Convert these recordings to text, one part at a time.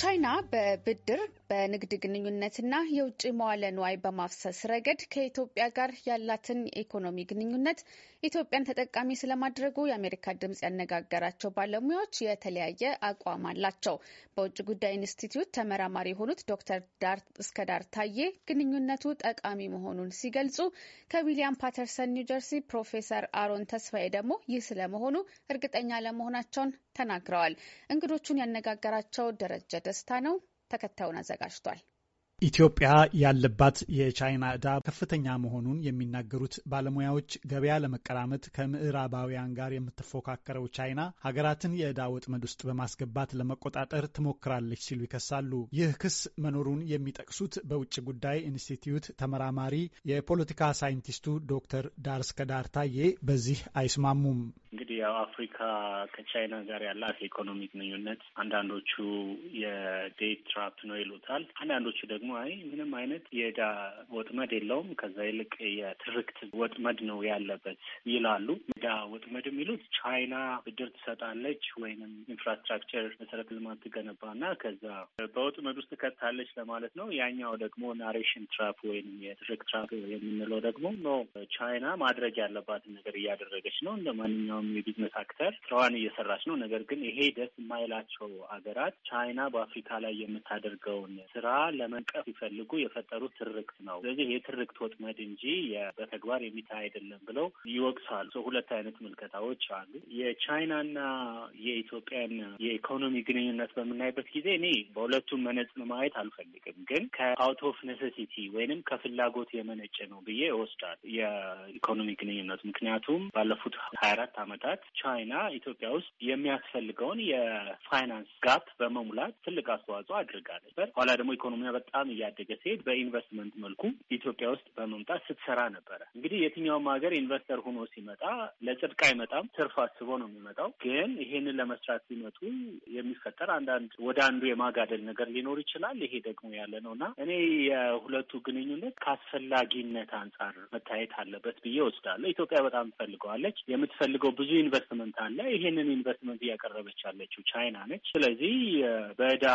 ቻይና በብድር በንግድ ግንኙነትና የውጭ መዋለ ንዋይ በማፍሰስ ረገድ ከኢትዮጵያ ጋር ያላትን የኢኮኖሚ ግንኙነት ኢትዮጵያን ተጠቃሚ ስለማድረጉ የአሜሪካ ድምጽ ያነጋገራቸው ባለሙያዎች የተለያየ አቋም አላቸው። በውጭ ጉዳይ ኢንስቲትዩት ተመራማሪ የሆኑት ዶክተር ዳር እስከዳር ታዬ ግንኙነቱ ጠቃሚ መሆኑን ሲገልጹ፣ ከዊሊያም ፓተርሰን ኒውጀርሲ ፕሮፌሰር አሮን ተስፋዬ ደግሞ ይህ ስለመሆኑ እርግጠኛ ለመሆናቸውን ተናግረዋል። እንግዶቹን ያነጋገራቸው ደረጀ ደስታ ነው። ተከታዩን አዘጋጅቷል። ኢትዮጵያ ያለባት የቻይና ዕዳ ከፍተኛ መሆኑን የሚናገሩት ባለሙያዎች ገበያ ለመቀራመት ከምዕራባውያን ጋር የምትፎካከረው ቻይና ሀገራትን የዕዳ ወጥመድ ውስጥ በማስገባት ለመቆጣጠር ትሞክራለች ሲሉ ይከሳሉ። ይህ ክስ መኖሩን የሚጠቅሱት በውጭ ጉዳይ ኢንስቲትዩት ተመራማሪ የፖለቲካ ሳይንቲስቱ ዶክተር ዳርስ ከዳር ታዬ በዚህ አይስማሙም። እንግዲህ ያው አፍሪካ ከቻይና ጋር ያላት የኢኮኖሚ ግንኙነት አንዳንዶቹ የዴት ትራፕ ነው ይሉታል፣ አንዳንዶቹ ደግሞ አይ ምንም አይነት የዕዳ ወጥመድ የለውም፣ ከዛ ይልቅ የትርክት ወጥመድ ነው ያለበት ይላሉ። ዕዳ ወጥመድ የሚሉት ቻይና ብድር ትሰጣለች ወይንም ኢንፍራስትራክቸር መሰረተ ልማት ትገነባና ከዛ በወጥመድ ውስጥ ትከታለች ለማለት ነው። ያኛው ደግሞ ናሬሽን ትራፕ ወይም የትርክ ትራፕ የምንለው ደግሞ ነው ቻይና ማድረግ ያለባትን ነገር እያደረገች ነው። እንደ ማንኛውም የቢዝነስ አክተር ስራዋን እየሰራች ነው። ነገር ግን ይሄ ደስ የማይላቸው አገራት ቻይና በአፍሪካ ላይ የምታደርገውን ስራ ለመንቀ ለመጠቀም ሲፈልጉ የፈጠሩት ትርክት ነው። ስለዚህ የትርክት ወጥመድ እንጂ በተግባር የሚታይ አይደለም ብለው ይወቅሳሉ። ሁለት አይነት ምልከታዎች አሉ። የቻይናና የኢትዮጵያን የኢኮኖሚ ግንኙነት በምናይበት ጊዜ እኔ በሁለቱም መነጽር ማየት አልፈልግም፣ ግን ከአውት ኦፍ ኔሴሲቲ ወይንም ከፍላጎት የመነጨ ነው ብዬ እወስዳለሁ የኢኮኖሚ ግንኙነት ምክንያቱም ባለፉት ሀያ አራት አመታት ቻይና ኢትዮጵያ ውስጥ የሚያስፈልገውን የፋይናንስ ጋፕ በመሙላት ትልቅ አስተዋጽኦ አድርጋለች። ኋላ ደግሞ ኢኮኖሚያ በጣም በጣም እያደገ ሲሄድ በኢንቨስትመንት መልኩ ኢትዮጵያ ውስጥ በመምጣት ስትሰራ ነበረ። እንግዲህ የትኛውም ሀገር ኢንቨስተር ሆኖ ሲመጣ ለጽድቅ አይመጣም፣ ትርፍ አስቦ ነው የሚመጣው። ግን ይሄንን ለመስራት ሲመጡ የሚፈጠር አንዳንድ ወደ አንዱ የማጋደል ነገር ሊኖር ይችላል። ይሄ ደግሞ ያለ ነው እና እኔ የሁለቱ ግንኙነት ከአስፈላጊነት አንጻር መታየት አለበት ብዬ ወስዳለሁ። ኢትዮጵያ በጣም ትፈልገዋለች። የምትፈልገው ብዙ ኢንቨስትመንት አለ። ይሄንን ኢንቨስትመንት እያቀረበች ያለችው ቻይና ነች። ስለዚህ በዕዳ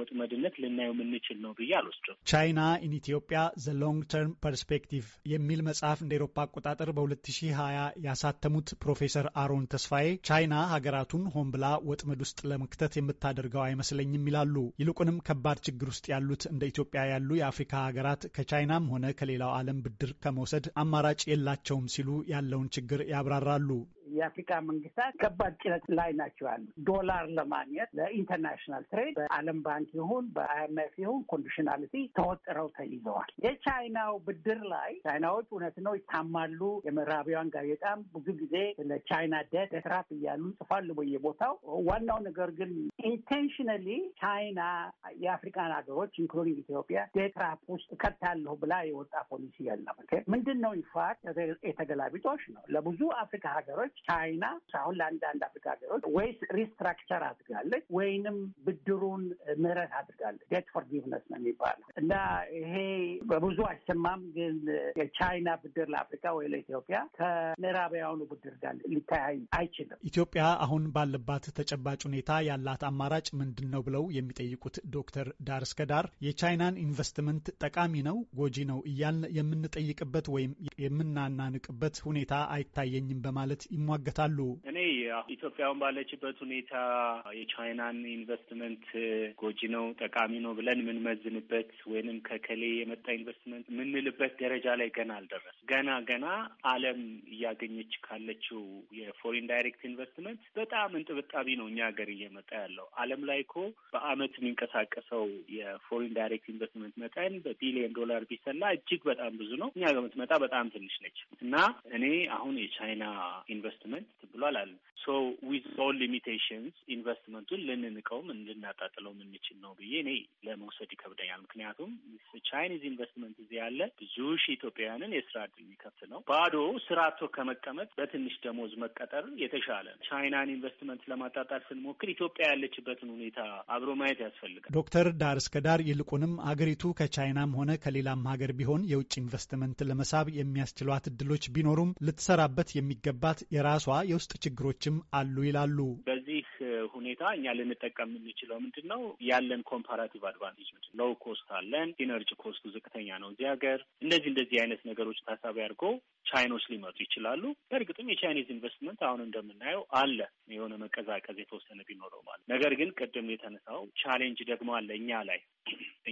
ወጥመድነት ልናየው የምንችል ነው ብዬ ብዬ አልወስድም። ቻይና ኢን ኢትዮጵያ ዘ ሎንግ ተርም ፐርስፔክቲቭ የሚል መጽሐፍ እንደ ኤሮፓ አቆጣጠር በ2020 ያሳተሙት ፕሮፌሰር አሮን ተስፋዬ ቻይና ሀገራቱን ሆን ብላ ወጥመድ ውስጥ ለመክተት የምታደርገው አይመስለኝም ይላሉ። ይልቁንም ከባድ ችግር ውስጥ ያሉት እንደ ኢትዮጵያ ያሉ የአፍሪካ ሀገራት ከቻይናም ሆነ ከሌላው ዓለም ብድር ከመውሰድ አማራጭ የላቸውም ሲሉ ያለውን ችግር ያብራራሉ። የአፍሪካ መንግስታት ከባድ ጭነት ላይ ናቸው ያሉ ዶላር ለማግኘት ለኢንተርናሽናል ትሬድ በዓለም ባንክ ይሁን በአይኤምኤፍ ይሁን ኮንዲሽናሊቲ ተወጥረው ተይዘዋል። የቻይናው ብድር ላይ ቻይናዎች እውነት ነው ይታማሉ። የምዕራቢያን ጋዜጣም ብዙ ጊዜ ለቻይና ደት ትራፕ እያሉ ጽፋሉ በየቦታው። ዋናው ነገር ግን ኢንቴንሽናሊ ቻይና የአፍሪካን ሀገሮች ኢንክሉዲንግ ኢትዮጵያ ደትራፕ ውስጥ ከታለሁ ብላ የወጣ ፖሊሲ የለም። ምንድን ነው ኢንፋክት የተገላቢጦች ነው ለብዙ አፍሪካ ሀገሮች ቻይና አሁን ለአንዳንድ አፍሪካ ሀገሮች ወይስ ሪስትራክቸር አድርጋለች ወይንም ብድሩን ምህረት አድርጋለች። ዴት ፎርጊቭነስ ነው የሚባለው እና ይሄ በብዙ አይሰማም፣ ግን የቻይና ብድር ለአፍሪካ ወይ ለኢትዮጵያ ከምዕራባውያኑ ብድር ጋር ሊተያይ አይችልም። ኢትዮጵያ አሁን ባለባት ተጨባጭ ሁኔታ ያላት አማራጭ ምንድን ነው ብለው የሚጠይቁት ዶክተር ዳር እስከ ዳር የቻይናን ኢንቨስትመንት ጠቃሚ ነው ጎጂ ነው እያልን የምንጠይቅበት ወይም የምናናንቅበት ሁኔታ አይታየኝም በማለት ይሟገታሉ። እኔ ኢትዮጵያን ባለችበት ሁኔታ የቻይናን ኢንቨስትመንት ጎጂ ነው፣ ጠቃሚ ነው ብለን የምንመዝንበት ወይንም ከከሌ የመጣ ኢንቨስትመንት የምንልበት ደረጃ ላይ ገና አልደረስ ገና ገና ዓለም እያገኘች ካለችው የፎሪን ዳይሬክት ኢንቨስትመንት በጣም እንጥብጣቢ ነው እኛ ሀገር እየመጣ ያለው። ዓለም ላይ እኮ በአመት የሚንቀሳቀሰው የፎሪን ዳይሬክት ኢንቨስትመንት መጠን በቢሊዮን ዶላር ቢሰላ እጅግ በጣም ብዙ ነው። እኛ ጋር የምትመጣ በጣም ትንሽ ነች እና እኔ አሁን የቻይና ኢንቨስትመንት ትብሏል አለ ሶ ዊዝ ኦል ሊሚቴሽንስ ኢንቨስትመንቱን ልንንቀውም ልናጣጥለው የምንችል ነው ብዬ እኔ ለመውሰድ ይከብደኛል። ምክንያቱም ቻይኒዝ ኢንቨስትመንት እዚህ ያለ ብዙ ሺህ ኢትዮጵያውያንን የስራ እድል የሚከፍት ነው። ባዶ ስራ አጥቶ ከመቀመጥ በትንሽ ደሞዝ መቀጠር የተሻለ ነው። ቻይናን ኢንቨስትመንት ለማጣጣል ስንሞክር ኢትዮጵያ ያለችበትን ሁኔታ አብሮ ማየት ያስፈልጋል። ዶክተር ዳር እስከ ዳር ይልቁንም አገሪቱ ከቻይናም ሆነ ከሌላም ሀገር ቢሆን የውጭ ኢንቨስትመንት ለመሳብ የሚያስችሏት እድሎች ቢኖሩም ልትሰራበት የሚገባት የራሷ የውስጥ ችግሮች ችግሮችም አሉ ይላሉ። በዚህ ሁኔታ እኛ ልንጠቀም የምንችለው ምንድን ነው? ያለን ኮምፓራቲቭ አድቫንቴጅ ምንድን ሎው ኮስት አለን፣ ኢነርጂ ኮስቱ ዝቅተኛ ነው እዚህ ሀገር። እንደዚህ እንደዚህ አይነት ነገሮች ታሳቢ አድርጎ ቻይኖች ሊመጡ ይችላሉ። በእርግጥም የቻይኒዝ ኢንቨስትመንት አሁን እንደምናየው አለ የሆነ መቀዛቀዝ የተወሰነ ቢኖረው ማለት ነገር ግን ቅድም የተነሳው ቻሌንጅ ደግሞ አለ እኛ ላይ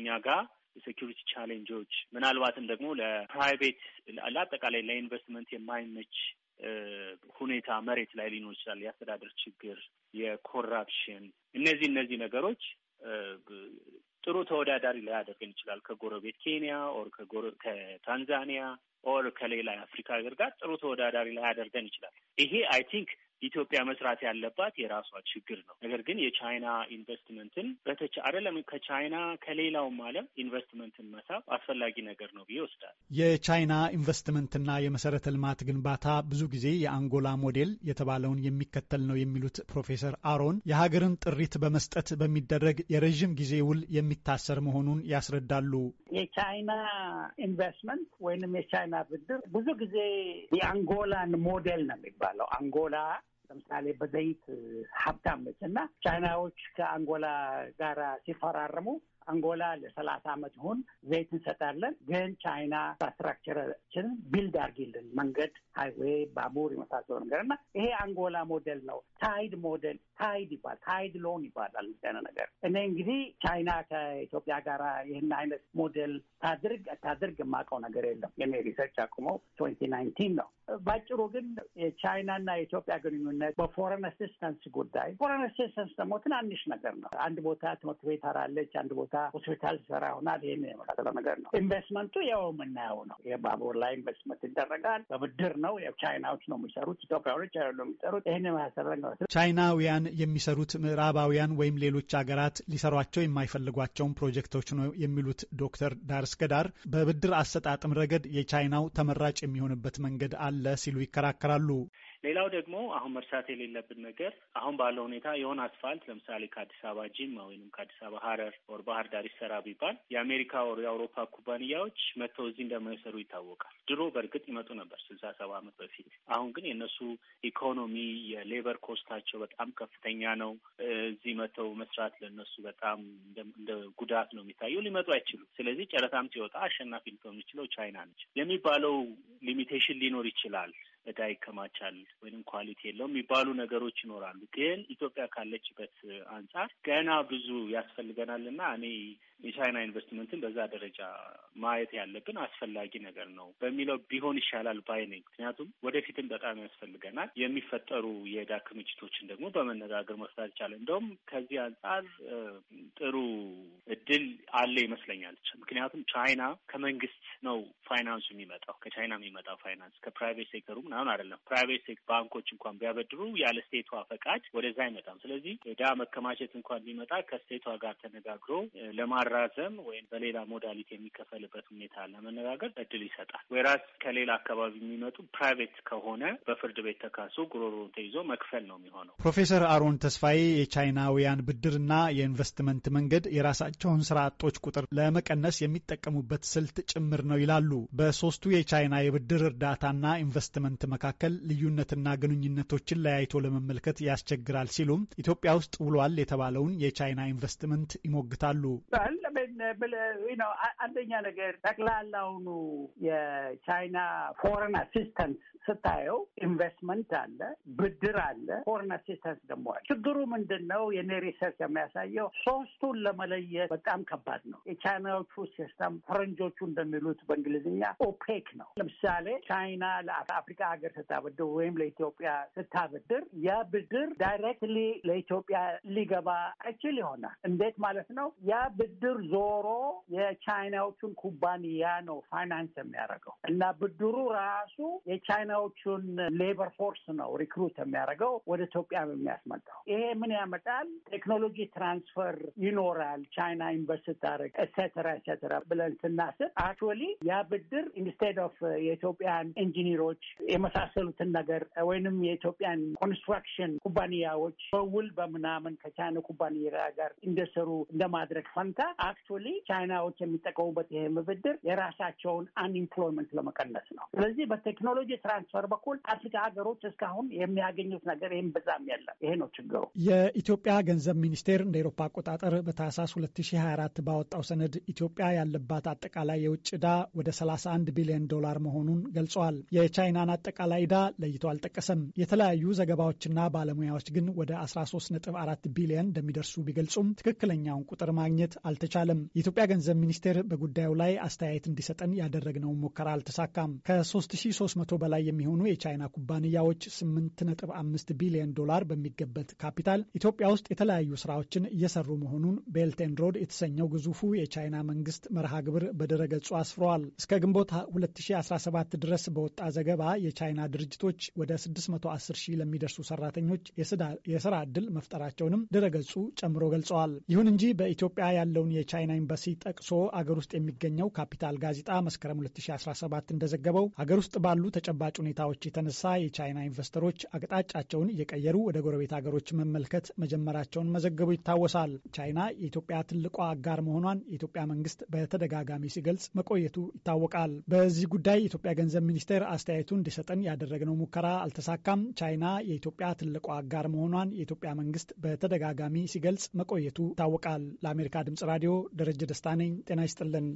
እኛ ጋር የሴኪሪቲ ቻሌንጆች ምናልባትም ደግሞ ለፕራይቬት ለአጠቃላይ ለኢንቨስትመንት የማይመች ሁኔታ መሬት ላይ ሊኖር ይችላል። የአስተዳደር ችግር፣ የኮራፕሽን እነዚህ እነዚህ ነገሮች ጥሩ ተወዳዳሪ ላያደርገን ይችላል ከጎረቤት ኬንያ ኦር ከታንዛኒያ ኦር ከሌላ የአፍሪካ ሀገር ጋር ጥሩ ተወዳዳሪ ላያደርገን ይችላል። ይሄ አይ ቲንክ ኢትዮጵያ መስራት ያለባት የራሷ ችግር ነው። ነገር ግን የቻይና ኢንቨስትመንትን በተቻ አይደለም ከቻይና ከሌላውም ዓለም ኢንቨስትመንትን መሳብ አስፈላጊ ነገር ነው ብዬ ወስዳል። የቻይና ኢንቨስትመንትና የመሰረተ ልማት ግንባታ ብዙ ጊዜ የአንጎላ ሞዴል የተባለውን የሚከተል ነው የሚሉት ፕሮፌሰር አሮን የሀገርን ጥሪት በመስጠት በሚደረግ የረዥም ጊዜ ውል የሚታሰር መሆኑን ያስረዳሉ። የቻይና ኢንቨስትመንት ወይንም የቻይና ብድር ብዙ ጊዜ የአንጎላን ሞዴል ነው የሚባለው። አንጎላ ለምሳሌ በዘይት ሀብታም ነች እና ቻይናዎች ከአንጎላ ጋራ ሲፈራረሙ አንጎላ ለሰላሳ ዓመት ይሁን ዘይት እንሰጣለን፣ ግን ቻይና ኢንፍራስትራክቸርችን ቢልድ አርጊልን መንገድ፣ ሃይዌይ፣ ባቡር የመሳሰሉ ነገር እና ይሄ አንጎላ ሞዴል ነው። ታይድ ሞዴል ታይድ ይባል ታይድ ሎን ይባላል ደነ ነገር እኔ እንግዲህ ቻይና ከኢትዮጵያ ጋር ይህን አይነት ሞዴል ታድርግ ታድርግ የማውቀው ነገር የለም። የኔ ሪሰርች አቁመው ትዌንቲ ናይንቲን ነው ባጭሩ ግን የቻይናና የኢትዮጵያ ግንኙነት በፎረን አሲስተንስ ጉዳይ ፎረን አሲስተንስ ደግሞ ትናንሽ ነገር ነው። አንድ ቦታ ትምህርት ቤት አራለች፣ አንድ ቦታ ሆስፒታል ሰራ ይሆናል። ይህን የመሳሰለ ነገር ነው። ኢንቨስትመንቱ ያው የምናየው ነው። የባቡር ላይ ኢንቨስትመንት ይደረጋል። በብድር ነው። ቻይናዎች ነው የሚሰሩት፣ ኢትዮጵያኖች ነው የሚሰሩት። ይህን የመሳሰለ ነገር ቻይናውያን የሚሰሩት ምዕራባውያን ወይም ሌሎች ሀገራት ሊሰሯቸው የማይፈልጓቸውን ፕሮጀክቶች ነው የሚሉት ዶክተር ዳርስ ገዳር በብድር አሰጣጥም ረገድ የቻይናው ተመራጭ የሚሆንበት መንገድ አለ አለ ሲሉ ይከራከራሉ። ሌላው ደግሞ አሁን መርሳት የሌለብን ነገር አሁን ባለው ሁኔታ የሆነ አስፋልት ለምሳሌ ከአዲስ አበባ ጂማ ወይም ከአዲስ አበባ ሀረር ወር ባህር ዳር ይሰራ ቢባል የአሜሪካ ወር የአውሮፓ ኩባንያዎች መጥተው እዚህ እንደማይሰሩ ይታወቃል። ድሮ በእርግጥ ይመጡ ነበር ስልሳ ሰባ ዓመት በፊት። አሁን ግን የእነሱ ኢኮኖሚ የሌበር ኮስታቸው በጣም ከፍተኛ ነው። እዚህ መጥተው መስራት ለእነሱ በጣም እንደ ጉዳት ነው የሚታየው። ሊመጡ አይችሉም። ስለዚህ ጨረታም ሲወጣ አሸናፊ ልትሆን የሚችለው ቻይና ነች የሚባለው ሊሚቴሽን ሊኖር ይችላል። እዳ ይከማቻል ወይም ኳሊቲ የለውም የሚባሉ ነገሮች ይኖራሉ። ግን ኢትዮጵያ ካለችበት አንጻር ገና ብዙ ያስፈልገናል እና እኔ የቻይና ኢንቨስትመንትን በዛ ደረጃ ማየት ያለብን አስፈላጊ ነገር ነው በሚለው ቢሆን ይሻላል ባይ ነኝ። ምክንያቱም ወደፊትም በጣም ያስፈልገናል። የሚፈጠሩ የዕዳ ክምችቶችን ደግሞ በመነጋገር መፍታት ይቻላል። እንደውም ከዚህ አንጻር ጥሩ እድል አለ ይመስለኛል። ምክንያቱም ቻይና ከመንግስት ነው ፋይናንሱ የሚመጣው ከቻይና የሚመጣው ፋይናንስ ከፕራይቬት ሴክተሩ ምናምን አይደለም። ፕራይቬት ሴክተር ባንኮች እንኳን ቢያበድሩ ያለ ስቴቷ ፈቃድ ወደዛ አይመጣም። ስለዚህ ዕዳ መከማቸት እንኳን ቢመጣ ከስቴቷ ጋር ተነጋግሮ ለማራ በማራዘም ወይም በሌላ ሞዳሊቲ የሚከፈልበት ሁኔታ ለመነጋገር እድል ይሰጣል። ወይራስ ከሌላ አካባቢ የሚመጡ ፕራይቬት ከሆነ በፍርድ ቤት ተካሶ ጉሮሮን ተይዞ መክፈል ነው የሚሆነው። ፕሮፌሰር አሮን ተስፋዬ የቻይናውያን ብድርና የኢንቨስትመንት መንገድ የራሳቸውን ስራ አጦች ቁጥር ለመቀነስ የሚጠቀሙበት ስልት ጭምር ነው ይላሉ። በሶስቱ የቻይና የብድር እርዳታና ኢንቨስትመንት መካከል ልዩነትና ግንኙነቶችን ለያይቶ ለመመልከት ያስቸግራል ሲሉም ኢትዮጵያ ውስጥ ውሏል የተባለውን የቻይና ኢንቨስትመንት ይሞግታሉ። አንደኛ ነገር ጠቅላላውኑ የቻይና ፎረን አሲስተንስ ስታየው ኢንቨስትመንት አለ፣ ብድር አለ፣ ፎረን አሲስተንስ ደግሞ አለ። ችግሩ ምንድን ነው? የኔ ሪሰርች የሚያሳየው ሶስቱን ለመለየት በጣም ከባድ ነው። የቻይናዎቹ ሲስተም ፈረንጆቹ እንደሚሉት በእንግሊዝኛ ኦፔክ ነው። ለምሳሌ ቻይና ለአፍሪካ ሀገር ስታበድር ወይም ለኢትዮጵያ ስታበድር ያ ብድር ዳይሬክትሊ ለኢትዮጵያ ሊገባ አይችል ይሆናል። እንዴት ማለት ነው? ያ ብድር ብድር ዞሮ የቻይናዎቹን ኩባንያ ነው ፋይናንስ የሚያደርገው እና ብድሩ ራሱ የቻይናዎቹን ሌበር ፎርስ ነው ሪክሩት የሚያደርገው ወደ ኢትዮጵያ የሚያስመጣው። ይሄ ምን ያመጣል? ቴክኖሎጂ ትራንስፈር ይኖራል። ቻይና ኢንቨስት ታደርግ ኤትሴተራ ኤትሴተራ ብለን ስናስብ አክቹዋሊ ያ ብድር ኢንስቴድ ኦፍ የኢትዮጵያን ኢንጂኒሮች የመሳሰሉትን ነገር ወይንም የኢትዮጵያን ኮንስትራክሽን ኩባንያዎች በውል በምናምን ከቻይና ኩባንያ ጋር እንደሰሩ እንደማድረግ ፈንታ አክቹሊ ቻይናዎች የሚጠቀሙበት ይሄ ምብድር የራሳቸውን አንኢምፕሎይመንት ለመቀነስ ነው። ስለዚህ በቴክኖሎጂ ትራንስፈር በኩል አፍሪካ ሀገሮች እስካሁን የሚያገኙት ነገር ይህም ብዛም የለም። ይሄ ነው ችግሩ። የኢትዮጵያ ገንዘብ ሚኒስቴር እንደ ኤሮፓ አቆጣጠር በታህሳስ 2024 ባወጣው ሰነድ ኢትዮጵያ ያለባት አጠቃላይ የውጭ ዕዳ ወደ 31 ቢሊዮን ዶላር መሆኑን ገልጿል። የቻይናን አጠቃላይ ዕዳ ለይቶ አልጠቀሰም። የተለያዩ ዘገባዎችና ባለሙያዎች ግን ወደ 13.4 ቢሊዮን እንደሚደርሱ ቢገልጹም ትክክለኛውን ቁጥር ማግኘት አልተ አልተቻለም። የኢትዮጵያ ገንዘብ ሚኒስቴር በጉዳዩ ላይ አስተያየት እንዲሰጠን ያደረግነውን ሙከራ አልተሳካም። ከ3300 በላይ የሚሆኑ የቻይና ኩባንያዎች 8.5 ቢሊዮን ዶላር በሚገበት ካፒታል ኢትዮጵያ ውስጥ የተለያዩ ስራዎችን እየሰሩ መሆኑን ቤልት ኤንድ ሮድ የተሰኘው ግዙፉ የቻይና መንግስት መርሃ ግብር በድረገጹ አስፍረዋል። እስከ ግንቦት 2017 ድረስ በወጣ ዘገባ የቻይና ድርጅቶች ወደ 610 ሺህ ለሚደርሱ ሰራተኞች የስራ ዕድል መፍጠራቸውንም ድረገጹ ጨምሮ ገልጸዋል። ይሁን እንጂ በኢትዮጵያ ያለውን የቻይና ኤምባሲ ጠቅሶ አገር ውስጥ የሚገኘው ካፒታል ጋዜጣ መስከረም 2017 እንደዘገበው አገር ውስጥ ባሉ ተጨባጭ ሁኔታዎች የተነሳ የቻይና ኢንቨስተሮች አቅጣጫቸውን እየቀየሩ ወደ ጎረቤት አገሮች መመልከት መጀመራቸውን መዘገቡ ይታወሳል። ቻይና የኢትዮጵያ ትልቋ አጋር መሆኗን የኢትዮጵያ መንግስት በተደጋጋሚ ሲገልጽ መቆየቱ ይታወቃል። በዚህ ጉዳይ የኢትዮጵያ ገንዘብ ሚኒስቴር አስተያየቱ እንዲሰጠን ያደረግነው ሙከራ አልተሳካም። ቻይና የኢትዮጵያ ትልቋ አጋር መሆኗን የኢትዮጵያ መንግስት በተደጋጋሚ ሲገልጽ መቆየቱ ይታወቃል። ለአሜሪካ ድምጽ ራዲዮ ራዲዮ ደረጀ ደስታ ነኝ። ጤና ይስጥልን።